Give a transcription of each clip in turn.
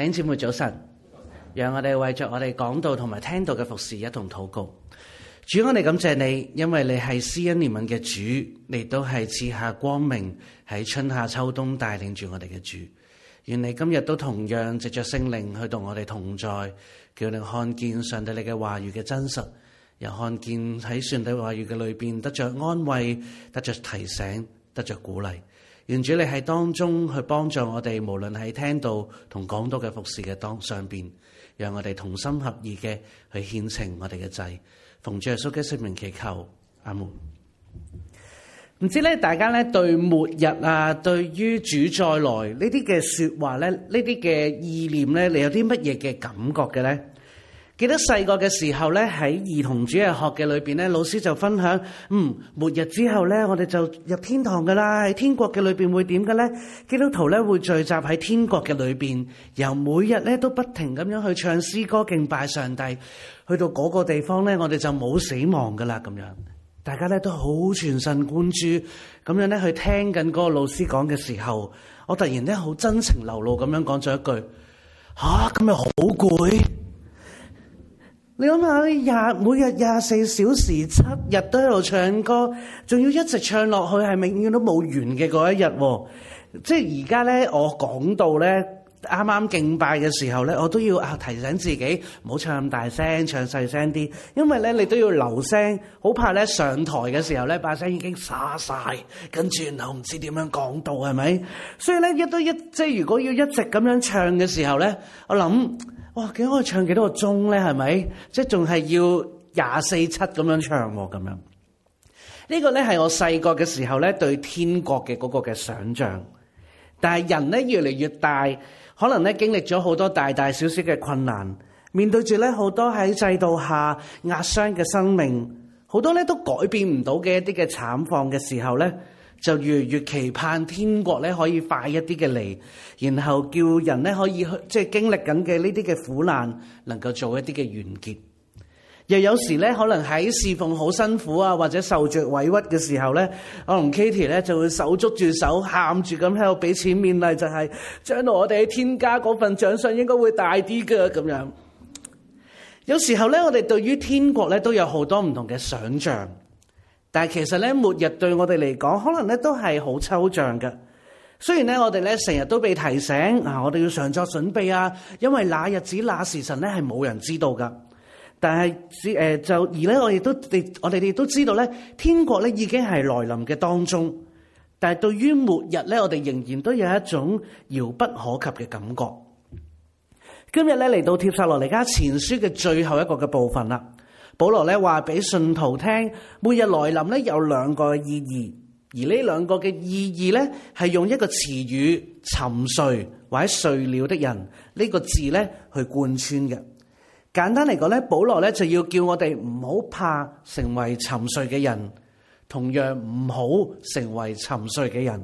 弟兄姊妹早晨，讓我哋為着我哋講道同埋聽道嘅服侍一同禱告。主，我哋感謝你，因為你係施恩憐憫嘅主，你都係賜下光明喺春夏秋冬帶領住我哋嘅主。願你今日都同樣借着聖靈去同我哋同在，叫你看見上帝你嘅話語嘅真實，又看見喺上帝話語嘅裏邊得着安慰，得着提醒，得着鼓勵。願主你喺當中去幫助我哋無論喺聽道和講道嘅服侍嘅當上邊，讓我哋同心合意嘅去獻呈我哋嘅祭。奉主耶穌嘅聖名祈求阿門。唔知咧，大家對末日啊，對於主再來呢啲說話、呢啲意念你有啲乜嘢嘅感覺呢？記得細個嘅時候咧，喺兒童主日學嘅裏面，咧，老師就分享：嗯，末日之後咧，我哋就入天堂噶啦。喺天國嘅裏面會點嘅咧？基督徒咧會聚集喺天國嘅裏面，由每日咧都不停咁樣去唱詩歌敬拜上帝，去到嗰個地方咧，我哋就冇死亡噶啦咁樣。大家咧都好全神貫注咁樣咧去聽緊嗰個老師講嘅時候，我突然咧好真情流露咁樣講咗一句：啊，今日好攰。你諗下，廿每日廿四小時七日都喺度唱歌，仲要一直唱落去，係永遠都冇完嘅嗰一日。即係而家咧，我講到咧，啱啱敬拜嘅時候咧，我都要啊提醒自己唔好唱咁大聲，唱細聲啲，因為咧你都要留聲，好怕咧上台嘅時候咧把聲已經沙晒。跟住然後唔知點樣講到係咪？所以咧一都一即係如果要一直咁樣唱嘅時候咧，我諗。哇！竟可以唱幾多個鐘呢？係咪？即係仲係要廿四七咁樣唱咁、啊、樣？呢個呢，係我細個嘅時候呢，對天國嘅嗰個嘅想象。但係人呢，越嚟越大，可能呢經歷咗好多大大小小嘅困難，面對住呢好多喺制度下壓傷嘅生命，好多呢都改變唔到嘅一啲嘅慘況嘅時候呢。就越嚟越期盼天國咧可以快一啲嘅嚟，然後叫人咧可以去即係經歷緊嘅呢啲嘅苦難，能夠做一啲嘅完結。又有時咧，可能喺侍奉好辛苦啊，或者受着委屈嘅時候咧，我同 Kitty 咧就會手捉住手，喊住咁喺度彼此勉勵，就係將來我哋喺天家嗰份獎賞應該會大啲嘅咁樣。有時候咧，我哋對於天國咧都有好多唔同嘅想像。但係其實咧，末日對我哋嚟講，可能咧都係好抽象嘅。雖然咧，我哋咧成日都被提醒啊，我哋要常作準備啊，因為那日子、那時辰咧係冇人知道噶。但係，誒就而咧，我亦都我哋亦都知道咧，天國咧已經係來臨嘅當中。但係對於末日咧，我哋仍然都有一種遙不可及嘅感覺。今日咧嚟到帖撒羅尼迦前書嘅最後一個嘅部分啦。保羅咧話俾信徒聽，每日來臨咧有兩個意義，而呢兩個嘅意義咧係用一個詞語“沉睡”或者“睡了”的人呢個字咧去貫穿嘅。簡單嚟講咧，保羅咧就要叫我哋唔好怕成為沉睡嘅人，同樣唔好成為沉睡嘅人。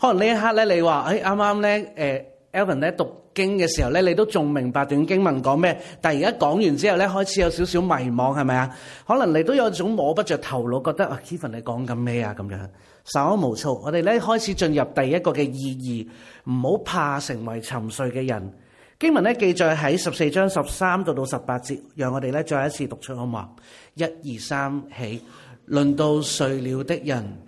可能呢一刻咧，你話誒啱啱咧，誒，Evan 咧讀經嘅時候咧，你都仲明白段經文講咩？但係而家講完之後咧，開始有少少迷惘，係咪啊？可能你都有一種摸不着頭腦，覺得啊、ah,，Kevin 你講緊咩啊？咁樣稍安無措。我哋咧開始進入第一個嘅意義，唔好怕成為沉睡嘅人。經文咧記載喺十四章十三到到十八節，讓我哋咧再一次讀出好唔好？一二三起，論到睡了的人。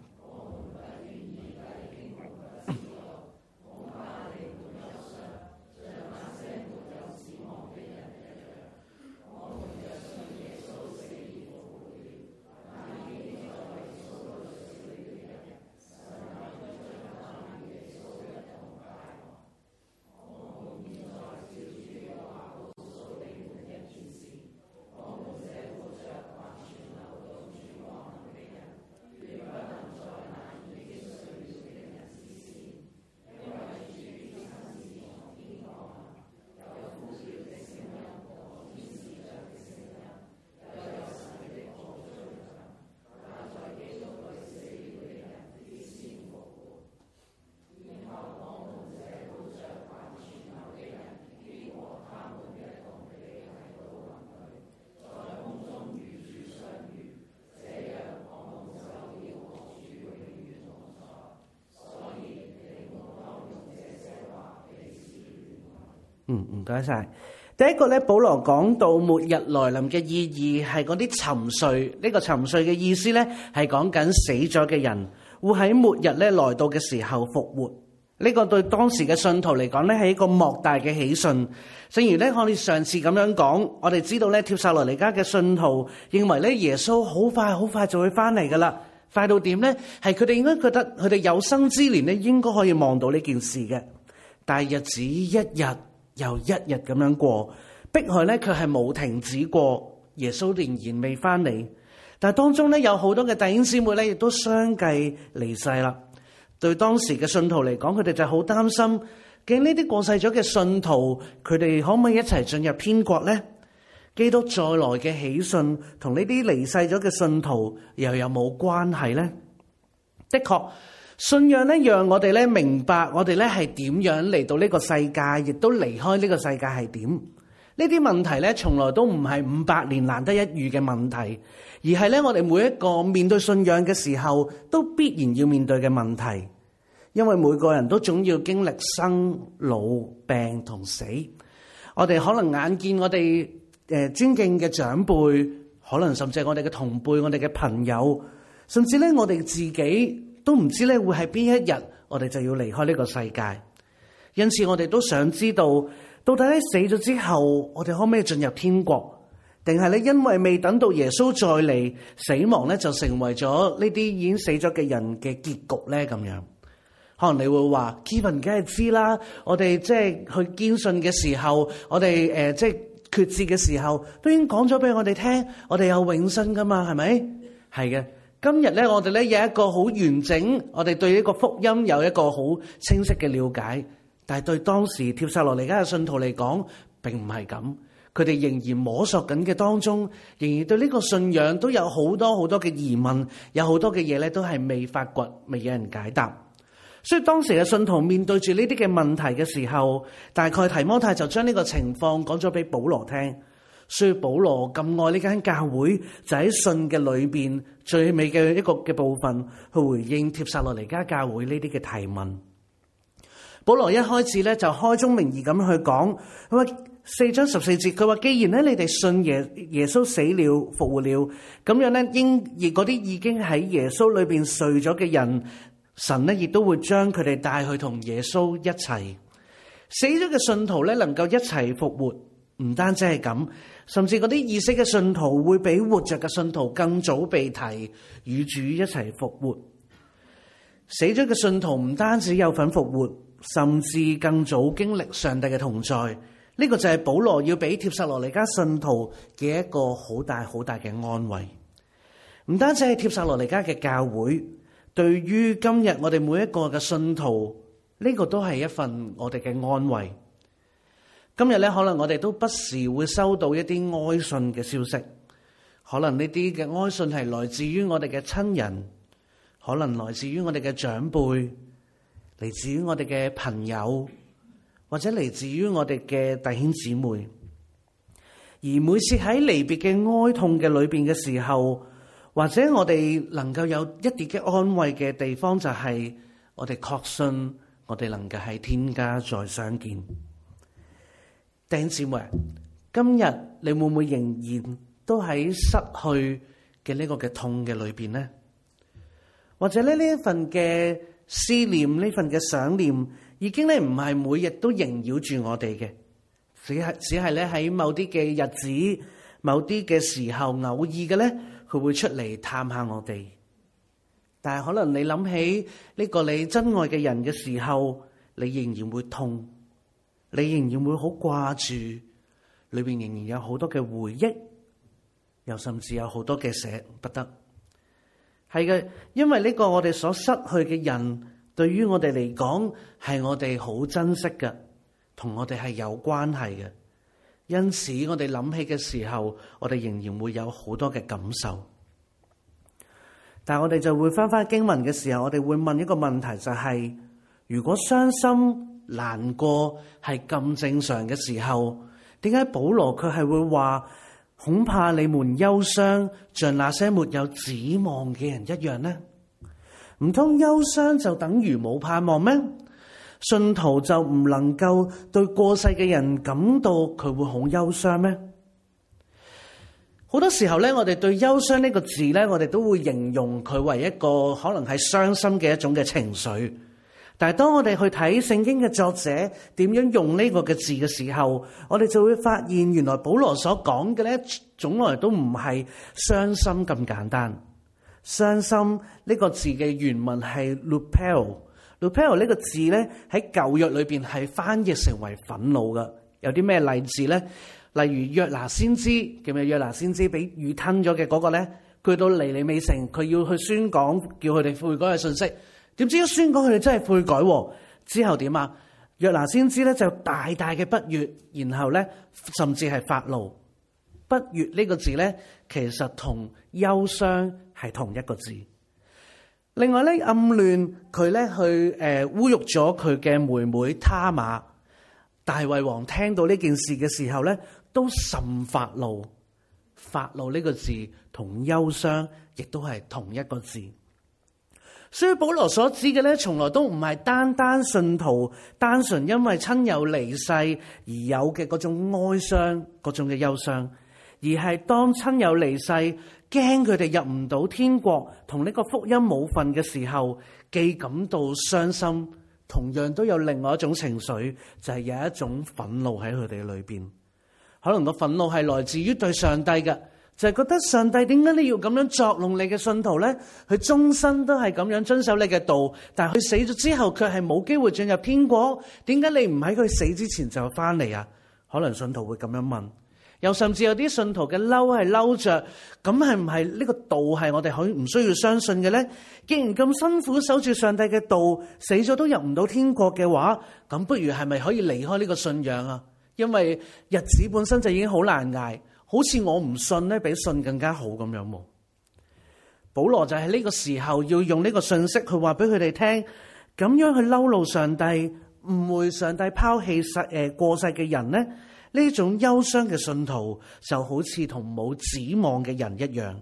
唔該晒。第一個咧，保羅講到末日來臨嘅意義係嗰啲沉睡。呢個沉睡嘅意思呢，係講緊死咗嘅人會喺末日咧來到嘅時候復活。呢個對當時嘅信徒嚟講呢，係一個莫大嘅喜訊。正如呢，我哋上次咁樣講，我哋知道呢，帖撒羅尼加嘅信徒認為呢，耶穌好快好快就會翻嚟噶啦。快到點呢？係佢哋應該覺得佢哋有生之年呢，應該可以望到呢件事嘅。但係日子一日。又一日咁樣過，迫害咧佢係冇停止過，耶穌仍然未翻嚟。但係當中咧有好多嘅弟兄姊妹咧亦都相繼離世啦。對當時嘅信徒嚟講，佢哋就好擔心，驚呢啲過世咗嘅信徒，佢哋可唔可以一齊進入天國呢？基督再來嘅喜訊，同呢啲離世咗嘅信徒又有冇關係呢？的確。信仰咧，讓我哋咧明白我哋咧係點樣嚟到呢個世界，亦都離開呢個世界係點。呢啲問題咧，從來都唔係五百年難得一遇嘅問題，而係咧我哋每一個面對信仰嘅時候都必然要面對嘅問題。因為每個人都總要經歷生老病同死，我哋可能眼見我哋誒尊敬嘅長輩，可能甚至係我哋嘅同輩、我哋嘅朋友，甚至咧我哋自己。都唔知咧會係邊一日，我哋就要離開呢個世界。因此，我哋都想知道，到底咧死咗之後，我哋可唔可以進入天國？定係咧因為未等到耶穌再嚟，死亡咧就成為咗呢啲已經死咗嘅人嘅結局咧？咁樣，可能你會話：基文梗係知啦。我哋即係去堅信嘅時候，我哋誒即係決志嘅時候，都已經講咗俾我哋聽，我哋有永生噶嘛？係咪？係嘅。今日咧，我哋咧有一個好完整，我哋對呢個福音有一個好清晰嘅了解。但係對當時帖撒羅尼迦嘅信徒嚟講，並唔係咁。佢哋仍然摸索緊嘅當中，仍然對呢個信仰都有好多好多嘅疑問，有好多嘅嘢咧都係未發掘，未有人解答。所以當時嘅信徒面對住呢啲嘅問題嘅時候，大概提摩太就將呢個情況講咗俾保羅聽。所以保羅咁愛呢間教會，就喺信嘅裏邊最美嘅一個嘅部分，去回應帖撒羅尼迦教會呢啲嘅提問。保羅一開始咧就開宗明義咁去講，四章十四節，佢話既然呢你哋信耶耶穌死了復活了，咁樣呢，應而嗰啲已經喺耶穌裏邊睡咗嘅人，神呢亦都會將佢哋帶去同耶穌一齊，死咗嘅信徒咧能夠一齊復活。唔單止係咁，甚至嗰啲已死嘅信徒會比活着嘅信徒更早被提，與主一齊復活。死咗嘅信徒唔單止有份復活，甚至更早經歷上帝嘅同在。呢個就係保羅要俾帖撒羅尼加信徒嘅一個好大好大嘅安慰。唔單止係帖撒羅尼加嘅教會，對於今日我哋每一個嘅信徒，呢個都係一份我哋嘅安慰。今日呢，可能我哋都不時會收到一啲哀訊嘅消息。可能呢啲嘅哀訊係來自於我哋嘅親人，可能來自於我哋嘅長輩，嚟自於我哋嘅朋友，或者嚟自於我哋嘅弟兄姊妹。而每次喺離別嘅哀痛嘅裏邊嘅時候，或者我哋能夠有一啲嘅安慰嘅地方，就係我哋確信我哋能夠喺天家再相見。弟兄姊妹，今日你會唔會仍然都喺失去嘅呢個嘅痛嘅裏邊呢？或者咧呢一份嘅思念，呢份嘅想念，已經咧唔係每日都縈繞住我哋嘅，只係只係咧喺某啲嘅日子，某啲嘅時候意的，偶爾嘅咧佢會出嚟探下我哋。但係可能你諗起呢、呢個你真愛嘅人嘅時候，你仍然會痛。你仍然會好掛住，裏面仍然有好多嘅回憶，又甚至有好多嘅捨不得。係嘅，因為呢個我哋所失去嘅人，對於我哋嚟講係我哋好珍惜嘅，同我哋係有關係嘅。因此我哋諗起嘅時候，我哋仍然會有好多嘅感受。但我哋就會翻翻經文嘅時候，我哋會問一個問題，就係，就係如果傷心，難過係咁正常嘅時候，點解保羅佢係會話恐怕你們憂傷，像那些沒有指望嘅人一樣呢？唔通憂傷就等於冇盼望咩？信徒就唔能夠對過世嘅人感到佢會好憂傷咩？好多時候咧，我哋對憂傷呢個字咧，我哋都會形容佢為一個可能係傷心嘅一種嘅情緒。但係當我哋去睇聖經嘅作者點樣用呢個嘅字嘅時候，我哋就會發現原來保羅所講嘅咧，從來都唔係傷心咁簡單。傷心呢個字嘅原文係 Lupel，Lupel 呢個字咧喺舊約裏邊係翻譯成為憤怒嘅。有啲咩例子咧？例如約拿先知叫咩？約拿先知俾魚吞咗嘅嗰個咧，佢到尼尼微城，佢要去宣講叫佢哋悔改嘅信息。點知宣講佢哋真係悔改，之後點啊？若拿先知咧就大大嘅不悅，然後咧甚至係發怒。不悅呢個字咧，其實同憂傷係同一個字。另外咧暗戀佢咧去誒侮辱咗佢嘅妹妹他瑪。大衛王聽到呢件事嘅時候咧，都甚發怒。發怒呢個字同憂傷亦都係同一個字。所以保羅所指嘅咧，從來都唔係單單信徒，單純因為親友離世而有嘅嗰種哀傷、嗰種嘅憂傷，而係當親友離世，驚佢哋入唔到天國，同呢個福音冇份嘅時候，既感到傷心，同樣都有另外一種情緒，就係有一種憤怒喺佢哋裏邊，可能個憤怒係來自於對上帝嘅。就係覺得上帝點解你要咁樣作弄你嘅信徒呢？佢終身都係咁樣遵守你嘅道，但佢死咗之後卻係冇機會進入天國。點解你唔喺佢死之前就翻嚟啊？可能信徒會咁樣問。又甚至有啲信徒嘅嬲係嬲着，咁係唔係呢個道係我哋以唔需要相信嘅呢？既然咁辛苦守住上帝嘅道，死咗都入唔到天國嘅話，咁不如係咪可以離開呢個信仰啊？因為日子本身就已經好難捱。好似我唔信咧，比信更加好咁樣喎。保羅就喺呢個時候要用呢個信息去，去話俾佢哋聽，咁樣去嬲怒上帝，誤會上帝拋棄世誒過世嘅人呢，呢種憂傷嘅信徒就好似同冇指望嘅人一樣。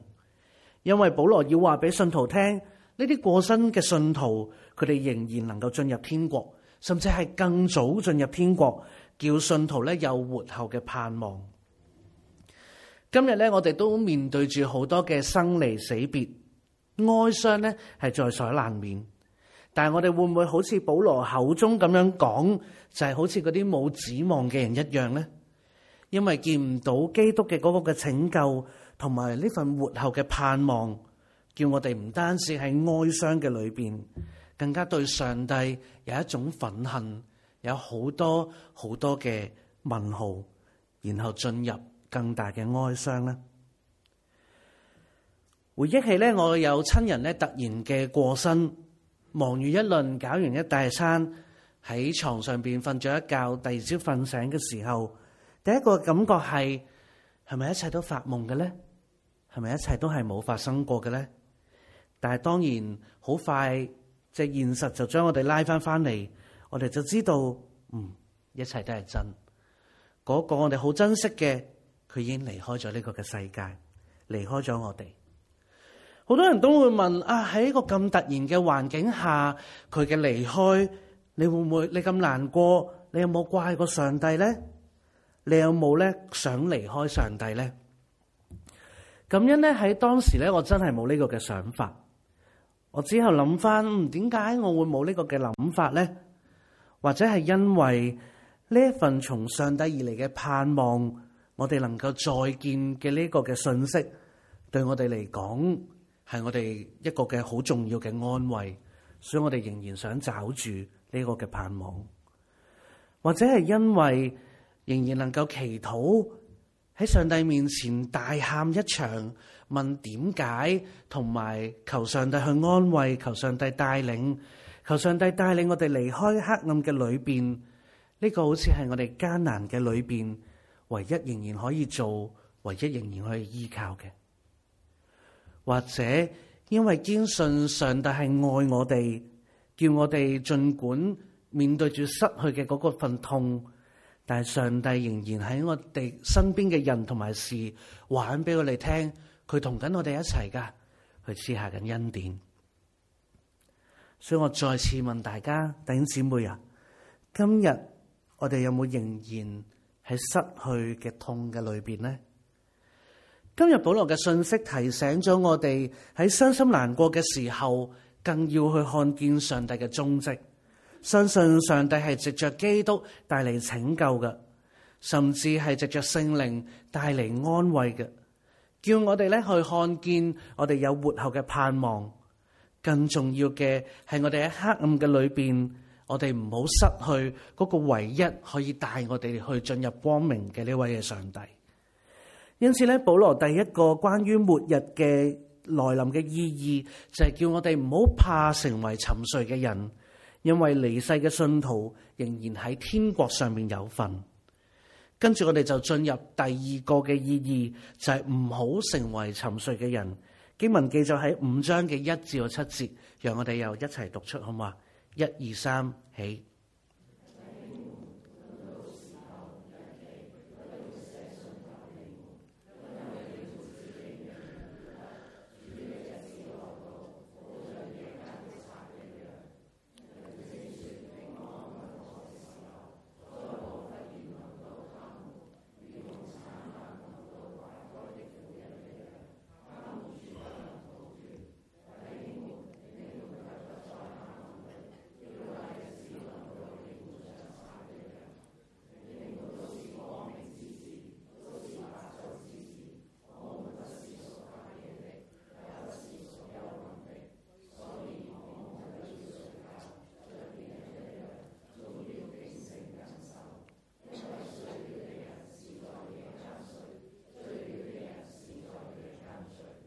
因為保羅要話俾信徒聽，呢啲過身嘅信徒，佢哋仍然能夠進入天國，甚至係更早進入天國，叫信徒咧有活後嘅盼望。今日咧，我哋都面對住好多嘅生離死別，哀傷呢，係在所難免。但係我哋會唔會好似保羅口中咁樣講，就係好似嗰啲冇指望嘅人一樣呢？因為見唔到基督嘅嗰個嘅拯救，同埋呢份活後嘅盼望，叫我哋唔單止喺哀傷嘅裏邊，更加對上帝有一種憤恨，有好多好多嘅問號，然後進入。更大嘅哀傷咧，回憶起咧，我有親人咧突然嘅過身，忙完一輪，搞完一大餐，喺床上邊瞓咗一覺，第二朝瞓醒嘅時候，第一個感覺係係咪一切都發夢嘅咧？係咪一切都係冇發生過嘅咧？但係當然好快，即係現實就將我哋拉翻翻嚟，我哋就知道，嗯，一切都係真，嗰個我哋好珍惜嘅。佢已經離開咗呢個嘅世界，離開咗我哋。好多人都會問：啊，喺一個咁突然嘅環境下，佢嘅離開，你會唔會？你咁難過，你有冇怪過上帝呢？你有冇咧想離開上帝呢？咁樣咧喺當時咧，我真係冇呢個嘅想法。我之後諗翻，點解我會冇呢個嘅諗法呢？或者係因為呢一份從上帝而嚟嘅盼望。我哋能夠再見嘅呢個嘅信息，對我哋嚟講係我哋一個嘅好重要嘅安慰，所以我哋仍然想找住呢個嘅盼望，或者係因為仍然能夠祈禱喺上帝面前大喊一場，問點解，同埋求上帝去安慰，求上帝帶領，求上帝帶領我哋離開黑暗嘅裏邊，呢個好似係我哋艱難嘅裏邊。唯一仍然可以做，唯一仍然可以依靠嘅，或者因為堅信上帝係愛我哋，叫我哋盡管面對住失去嘅嗰個份痛，但係上帝仍然喺我哋身邊嘅人同埋事，話俾我哋聽，佢同緊我哋一齊噶，去施下緊恩典。所以我再次問大家，弟兄姊妹啊，今日我哋有冇仍然？喺失去嘅痛嘅裏邊呢，今日保羅嘅信息提醒咗我哋喺傷心難過嘅時候，更要去看見上帝嘅蹤跡，相信上帝係藉着基督帶嚟拯救嘅，甚至係藉着聖靈帶嚟安慰嘅，叫我哋咧去看見我哋有活後嘅盼望。更重要嘅係我哋喺黑暗嘅裏邊。我哋唔好失去嗰個唯一可以帶我哋去進入光明嘅呢位嘅上帝。因此咧，保羅第一個關於末日嘅來臨嘅意義，就係叫我哋唔好怕成為沉睡嘅人，因為離世嘅信徒仍然喺天國上面有份。跟住我哋就進入第二個嘅意義，就係唔好成為沉睡嘅人。經文記載喺五章嘅一至到七節，讓我哋又一齊讀出，好嘛？一二三，起。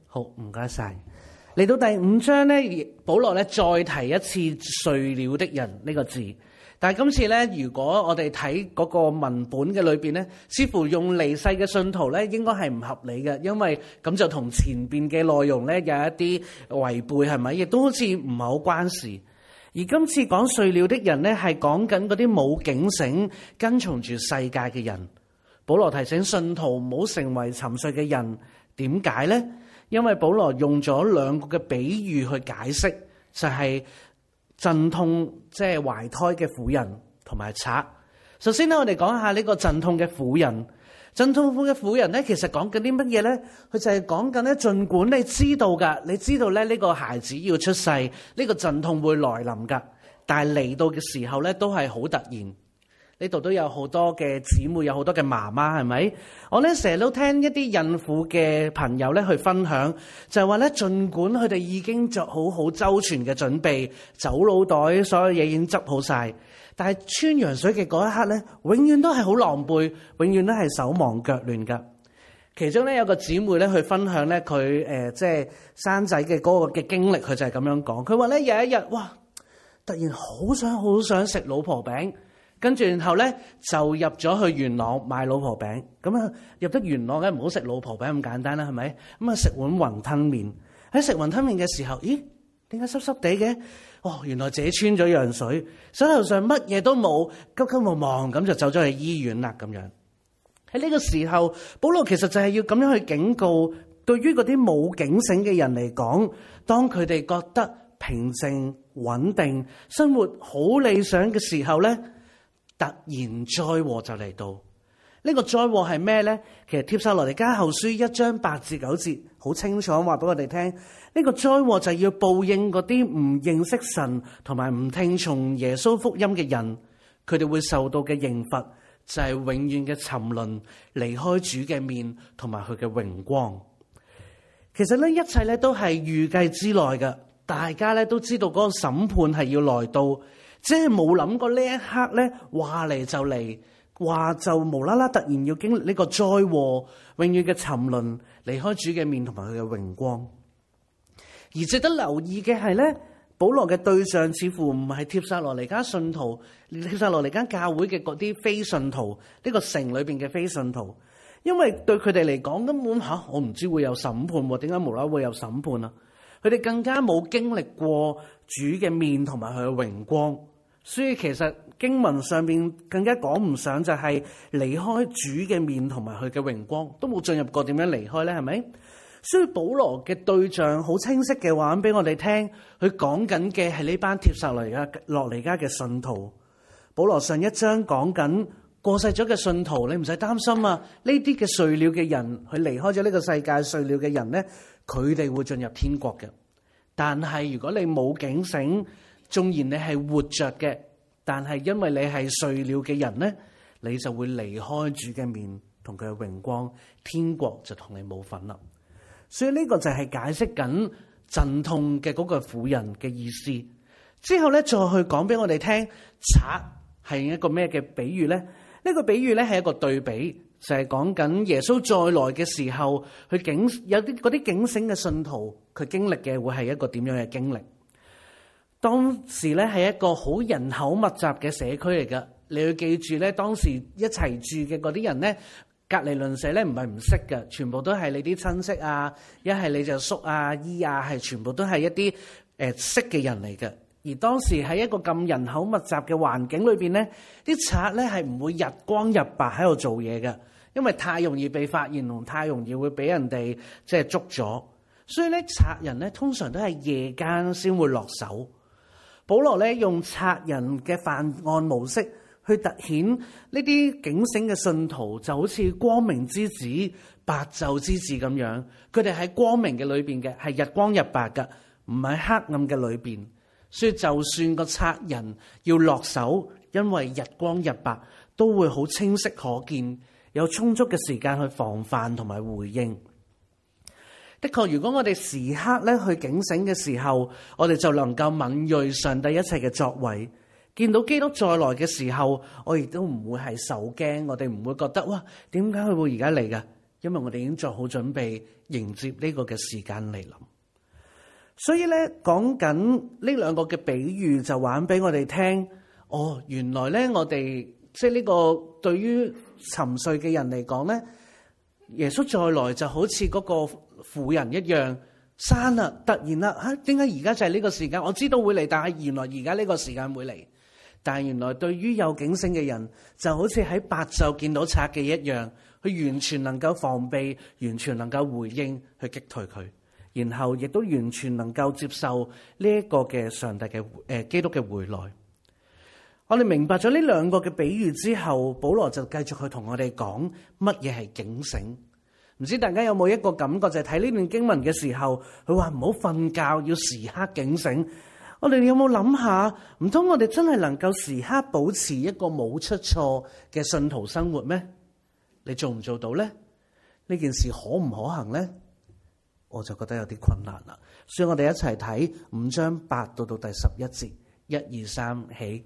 好唔該晒。嚟到第五章呢，保羅呢再提一次睡了的人呢，這個字，但係今次呢，如果我哋睇嗰個文本嘅裏邊呢，似乎用離世嘅信徒呢應該係唔合理嘅，因為咁就同前邊嘅內容呢有一啲違背，係咪？亦都好似唔係好關事。而今次講睡了的人呢，係講緊嗰啲冇警醒跟從住世界嘅人。保羅提醒信徒唔好成為沉睡嘅人，點解呢？因為保羅用咗兩個嘅比喻去解釋，就係陣痛即係懷胎嘅婦人同埋賊。首先咧，我哋講下呢個陣痛嘅婦人。陣痛婦嘅婦人咧，其實講緊啲乜嘢咧？佢就係講緊咧，儘管你知道㗎，你知道咧呢個孩子要出世，呢個陣痛會來臨㗎，但係嚟到嘅時候咧都係好突然。呢度都有好多嘅姊妹，有好多嘅媽媽，係咪？我呢成日都聽一啲孕婦嘅朋友呢去分享，就係、是、話呢，儘管佢哋已經做好好周全嘅準備，走腦袋所有嘢已經執好晒，但係穿羊水嘅嗰一刻呢，永遠都係好狼狽，永遠都係手忙腳亂噶。其中呢，有個姊妹呢去分享呢，佢、呃、即係生仔嘅嗰個嘅經歷，佢就係咁樣講。佢話呢，有一日，哇！突然好想好想食老婆餅。跟住，然後咧就入咗去元朗買老婆餅咁啊。入得元朗梗唔好食老婆餅咁簡單啦，係咪咁啊？食碗雲吞麵。喺食雲吞麵嘅時候，咦？點解濕濕地嘅？哦，原來自己穿咗羊水，手頭上乜嘢都冇，急急忙忙咁就走咗去醫院啦。咁樣喺呢個時候，保羅其實就係要咁樣去警告，對於嗰啲冇警醒嘅人嚟講，當佢哋覺得平靜穩定生活好理想嘅時候咧，突然災禍就嚟到，呢個災禍係咩呢？其實帖撒羅尼迦後書一章八至九節好清楚話俾我哋聽，呢個災禍就要報應嗰啲唔認識神同埋唔聽從耶穌福音嘅人，佢哋會受到嘅刑罰就係永遠嘅沉淪，離開主嘅面同埋佢嘅榮光。其實呢，一切咧都係預計之內嘅，大家咧都知道嗰個審判係要來到。即係冇諗過呢一刻咧，話嚟就嚟，話就無啦啦突然要經歷呢個災禍，永遠嘅沉淪，離開主嘅面同埋佢嘅榮光。而值得留意嘅係咧，保羅嘅對象似乎唔係帖撒羅尼迦信徒，帖撒羅尼迦教會嘅嗰啲非信徒，呢、呢個城裏邊嘅非信徒，因為對佢哋嚟講根本吓，我唔知會有審判喎，點解無啦會有審判啊？佢哋更加冇經歷過主嘅面同埋佢嘅榮光，所以其實經文上面更加講唔上就係離開主嘅面同埋佢嘅榮光，都冇進入過點樣離開呢？係咪？所以保羅嘅對象好清晰嘅話咁俾我哋聽，佢講緊嘅係呢班帖撒羅尼迦嘅信徒。保羅上一章講緊過世咗嘅信徒，你唔使擔心啊！呢啲嘅睡了嘅人，佢離開咗呢個世界，睡了嘅人呢。佢哋會進入天國嘅，但係如果你冇警醒，縱然你係活着嘅，但係因為你係睡了嘅人呢，你就會離開主嘅面同佢嘅榮光，天國就同你冇份啦。所以呢個就係解釋緊陣痛嘅嗰個婦人嘅意思。之後呢，再去講俾我哋聽，賊係一個咩嘅比喻呢？呢、這個比喻呢係一個對比。成日講緊耶穌再來嘅時候，佢警有啲嗰啲警醒嘅信徒，佢經歷嘅會係一個點樣嘅經歷？當時咧係一個好人口密集嘅社區嚟㗎，你要記住咧，當時一齊住嘅嗰啲人咧，隔離鄰舍咧唔係唔識㗎，全部都係你啲親戚啊，一係你就叔啊、姨啊，係全部都係一啲誒識嘅人嚟嘅。而當時喺一個咁人口密集嘅環境裏面咧，啲賊咧係唔會日光日白喺度做嘢嘅。因為太容易被發現，同太容易會俾人哋即係捉咗，所以咧，賊人咧通常都係夜間先會落手。保羅咧用賊人嘅犯案模式去突顯呢啲警醒嘅信徒就好似光明之子、白晝之子咁樣。佢哋喺光明嘅裏邊嘅係日光日白噶，唔係黑暗嘅裏邊。所以就算個賊人要落手，因為日光日白都會好清晰可見。有充足嘅時間去防範同埋回應。的確，如果我哋時刻咧去警醒嘅時候，我哋就能夠敏銳上帝一切嘅作為，見到基督再來嘅時候，我亦都唔會係受驚，我哋唔會覺得哇，點解佢會而家嚟㗎？因為我哋已經做好準備迎接呢個嘅時間嚟臨。所以咧，講緊呢兩個嘅比喻就話俾我哋聽。哦，原來咧，我哋即係呢個對於。沉睡嘅人嚟講咧，耶穌再來就好似嗰個婦人一樣，生啦突然啦吓，點解而家就係呢個時間？我知道會嚟，但係原來而家呢個時間會嚟。但係原來對於有警醒嘅人，就好似喺白晝見到賊嘅一樣，佢完全能夠防備，完全能夠回應去擊退佢，然後亦都完全能夠接受呢一個嘅上帝嘅誒，基督嘅回來。我哋明白咗呢兩個嘅比喻之後，保羅就繼續去同我哋講乜嘢係警醒唔知大家有冇一個感覺，就係睇呢段經文嘅時候，佢話唔好瞓覺，要時刻警醒。我哋有冇諗下，唔通我哋真係能夠時刻保持一個冇出錯嘅信徒生活咩？你做唔做到呢？呢件事可唔可行呢？我就覺得有啲困難啦。所以我哋一齊睇五章八到到第十一節，一二三起。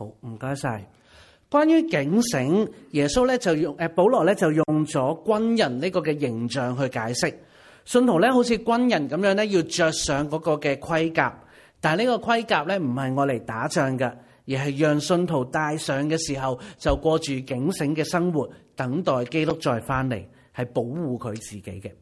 好，唔該晒。關於警醒，耶穌咧就用誒保羅咧就用咗軍人呢個嘅形象去解釋，信徒咧好似軍人咁樣咧要着上嗰個嘅盔甲，但係呢個盔甲咧唔係我嚟打仗噶，而係讓信徒戴上嘅時候就過住警醒嘅生活，等待基督再翻嚟，係保護佢自己嘅。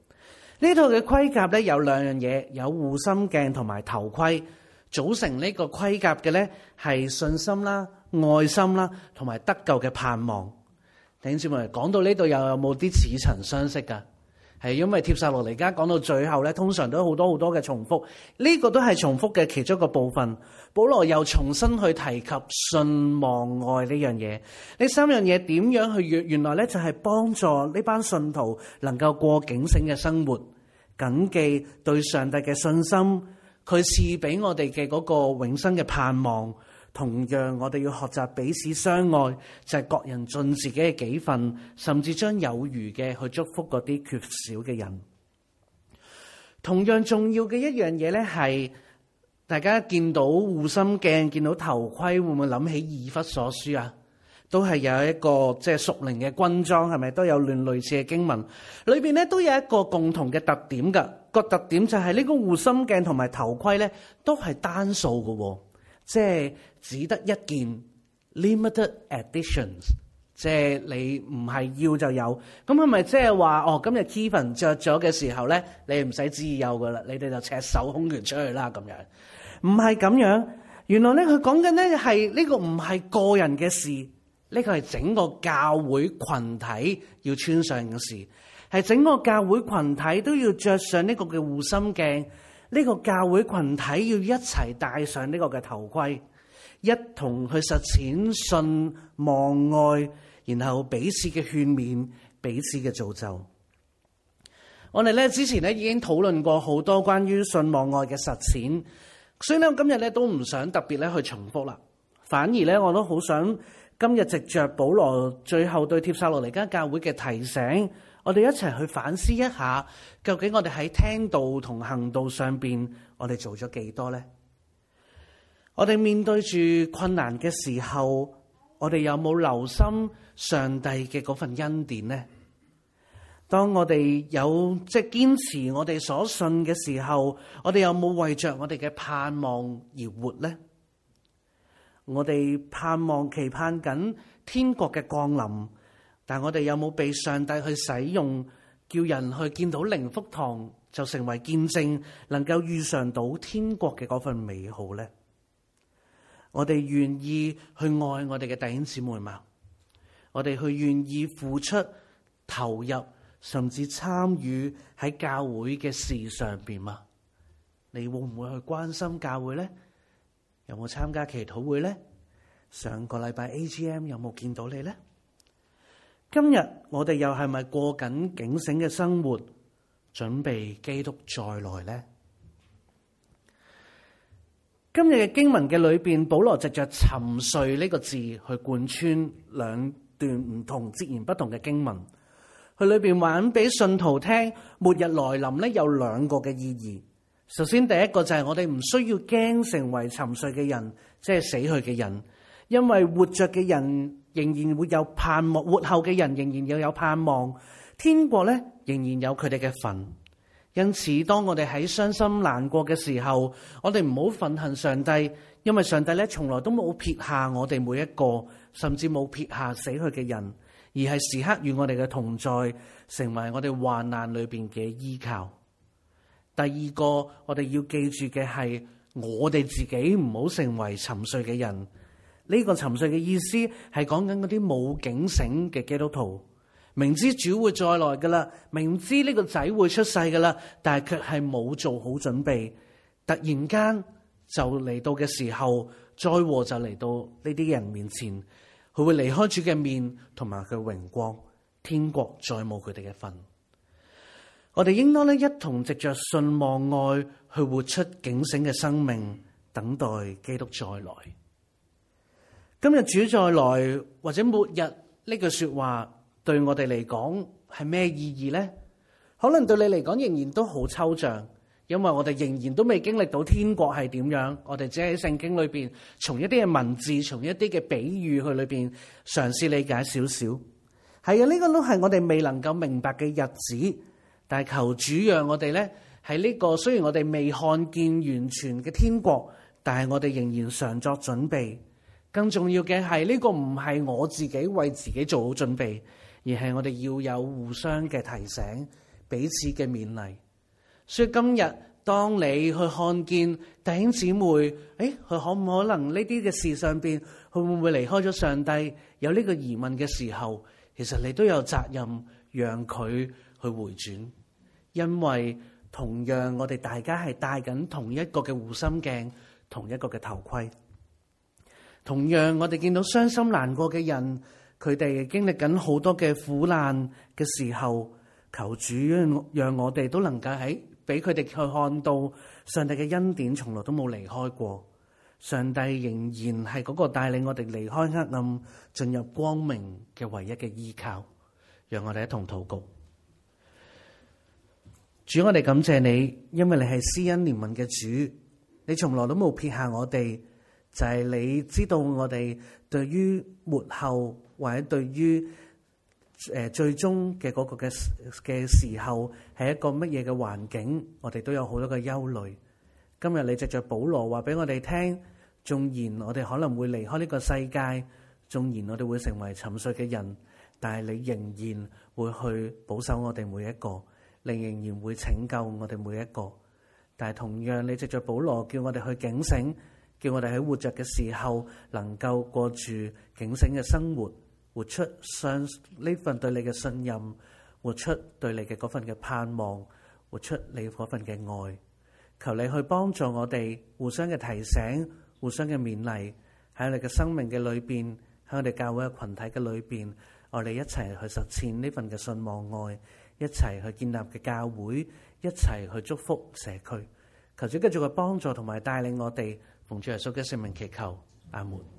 呢套嘅盔甲咧有兩樣嘢，有護心鏡同埋頭盔。組成呢個盔甲嘅，呢係信心啦、愛心啦，同埋得救嘅盼望。弟兄姊妹，講到呢度又有冇啲似曾相識噶？係因為帖撒羅尼迦講到最後呢，通常都好多好多嘅重複，呢、這個都係重複嘅其中一個部分。保羅又重新去提及信望愛呢樣嘢，呢三樣嘢點樣去原原來呢就係幫助呢班信徒能夠過警醒嘅生活，謹記對上帝嘅信心。佢賜俾我哋嘅嗰個永生嘅盼望，同樣我哋要學習彼此相愛，就係、是、各人盡自己嘅幾份，甚至將有餘嘅去祝福嗰啲缺少嘅人。同樣重要嘅一樣嘢咧，係大家見到護心鏡、見到頭盔，會唔會諗起以弗所書啊？都係有一個即係屬靈嘅軍裝，係咪都有類類似嘅經文？裏面咧都有一個共同嘅特點㗎。個特點就係呢個護心鏡同埋頭盔咧，都係單數嘅、哦，即係只得一件 （limited editions）。即係你唔係要就有。咁係咪即係話？哦，今日 Kevin 着咗嘅時候咧，你唔使指意有㗎啦。你哋就赤手空拳出去啦，咁樣唔係咁樣。原來咧，佢講緊咧係呢個唔係個人嘅事。呢、這個係整個教會群體要穿上嘅事，係整個教會群體都要着上呢個嘅護心鏡。呢個教會群體要一齊戴上呢個嘅頭盔，一同去實踐信望愛，然後彼此嘅勸勉，彼此嘅造就。我哋咧之前咧已經討論過好多關於信望愛嘅實踐，所以咧今日咧都唔想特別咧去重複啦，反而咧我都好想。今日藉着保羅最後對帖撒羅尼迦教會嘅提醒，我哋一齊去反思一下，究竟我哋喺聽道同行道上邊，我哋做咗幾多呢？我哋面對住困難嘅時候，我哋有冇留心上帝嘅嗰份恩典呢？當我哋有即係堅持我哋所信嘅時候，我哋有冇為着我哋嘅盼望而活呢？我哋盼望、期盼緊天國嘅降臨，但我哋有冇被上帝去使用，叫人去見到靈福堂就成為見證，能夠遇上到天國嘅嗰份美好呢？我哋願意去愛我哋嘅弟兄姊妹嗎？我哋去願意付出、投入，甚至參與喺教會嘅事上邊嗎？你會唔會去關心教會呢？有冇參加祈禱會呢？上個禮拜 AGM 有冇見到你呢？今日我哋又係咪過緊警醒嘅生活，準備基督再來呢？今日嘅經文嘅裏邊，保羅藉着「沉睡」呢個字去貫穿兩段唔同、截然不同嘅經文，去裏邊玩俾信徒聽，末日來臨呢，有兩個嘅意義。首先，第一個就係我哋唔需要驚成為沉睡嘅人，即係死去嘅人，因為活着嘅人仍然會有盼望，活後嘅人仍然要有盼望，天國呢，仍然有佢哋嘅份。因此，當我哋喺傷心難過嘅時候，我哋唔好憤恨上帝，因為上帝呢，從來都冇撇下我哋每一個，甚至冇撇下死去嘅人，而係時刻與我哋嘅同在，成為我哋患難裏邊嘅依靠。第二個我哋要記住嘅，係我哋自己唔好成為沉睡嘅人。呢個沉睡嘅意思係講緊嗰啲冇警醒嘅基督徒，明知主會再來噶啦，明知呢個仔會出世噶啦，但係卻係冇做好準備。突然間就嚟到嘅時候，災禍就嚟到呢啲人面前，佢會離開主嘅面同埋佢榮光，天國再冇佢哋嘅份。我哋應當咧一同藉着信望愛去活出警醒嘅生命，等待基督再來。今日主再來或者末日呢句說話，對我哋嚟講係咩意義呢？可能對你嚟講仍然都好抽象，因為我哋仍然都未經歷到天國係點樣。我哋只喺聖經裏邊，從一啲嘅文字，從一啲嘅比喻去裏邊嘗試理解少少。係啊，呢個都係我哋未能夠明白嘅日子。但求主讓我哋呢，喺呢個雖然我哋未看見完全嘅天國，但係我哋仍然常作準備。更重要嘅係呢個唔係我自己為自己做好準備，而係我哋要有互相嘅提醒，彼此嘅勉勵。所以今日當你去看見弟兄姊妹，誒、哎、佢可唔可能呢啲嘅事上邊，佢會唔會離開咗上帝？有呢個疑問嘅時候，其實你都有責任讓佢去回轉，因為同樣我哋大家係戴緊同一個嘅護心鏡、同一個嘅頭盔。同樣我哋見到傷心難過嘅人，佢哋經歷緊好多嘅苦難嘅時候，求主讓我哋都能夠喺俾佢哋去看到上帝嘅恩典，從來都冇離開過。上帝仍然係嗰個帶領我哋離開黑暗、進入光明嘅唯一嘅依靠。讓我哋一同禱告。主，我哋感謝你，因為你係施恩憐憫嘅主，你從來都冇撇下我哋。就係、是、你知道我哋對於末後或者對於誒最終嘅嗰個嘅嘅時候係一個乜嘢嘅環境，我哋都有好多嘅憂慮。今日你藉着保羅話俾我哋聽，縱然我哋可能會離開呢個世界，縱然我哋會成為沉睡嘅人，但係你仍然會去保守我哋每一個。仍仍然會拯救我哋每一個，但係同樣，你藉着保羅叫我哋去警醒，叫我哋喺活着嘅時候，能夠過住警醒嘅生活，活出信呢份對你嘅信任，活出對你嘅嗰份嘅盼望，活出你嗰份嘅愛。求你去幫助我哋，互相嘅提醒，互相嘅勉勵，喺你嘅生命嘅裏邊，喺我哋教會嘅群體嘅裏邊，我哋一齊去實踐呢份嘅信望愛。一齊去建立嘅教會，一齊去祝福社區，求主繼續嘅幫助同埋帶領我哋，奉主耶穌嘅聖名祈求，阿門。